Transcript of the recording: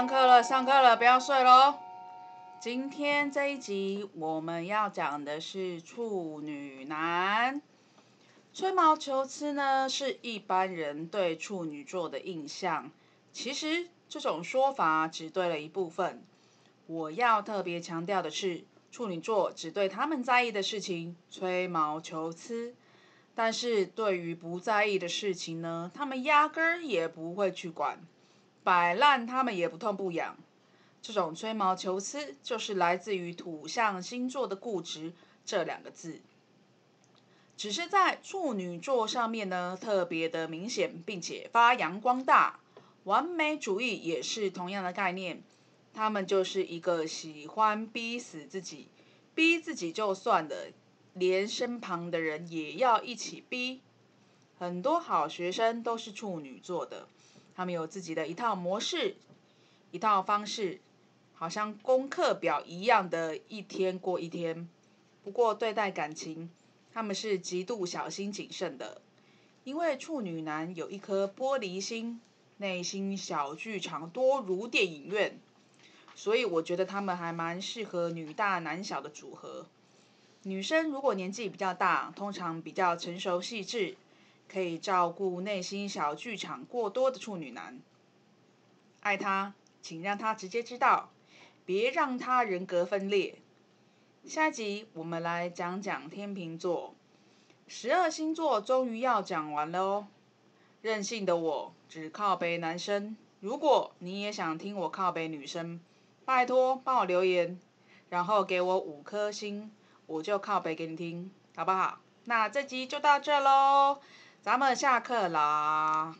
上課了，上課了，不要睡嘍！今天這一集我們要講的是處女男。吹毛求疵呢，是一般人對處女座的印象。其實這種說法只對了一部分。我要特別強調的是，處女座只對他們在意的事情吹毛求疵，但是對於不在意的事情呢，他們壓根兒也不會去管。擺爛，他們也不痛不癢。這種吹毛求疵，就是來自於土象星座的固執這兩個字。只是在處女座上面呢，特別的明顯，並且發揚光大。完美主義也是同樣的概念，他們就是一個喜歡逼死自己，逼自己就算了，連身旁的人也要一起逼。很多好學生都是處女座的。他們有自己的一套模式，一套方式，好像功課表一樣的一天過一天。不過對待感情，他們是極度小心謹慎的，因為處女男有一顆玻璃心，內心小劇場多如電影院，所以我覺得他們還蠻適合女大男小的組合。女生如果年紀比較大，通常比較成熟細緻。可以照顧內心小劇場過多的處女男。愛他，請讓他直接知道，別讓他人格分裂。下一集我們來講講天秤座，十二星座終於要講完了哦。任性的我只靠北男生，如果你也想聽我靠北女生，拜托幫我留言，然後給我五顆星，我就靠北給你聽，好不好？那這集就到這嘍。咱們下課啦。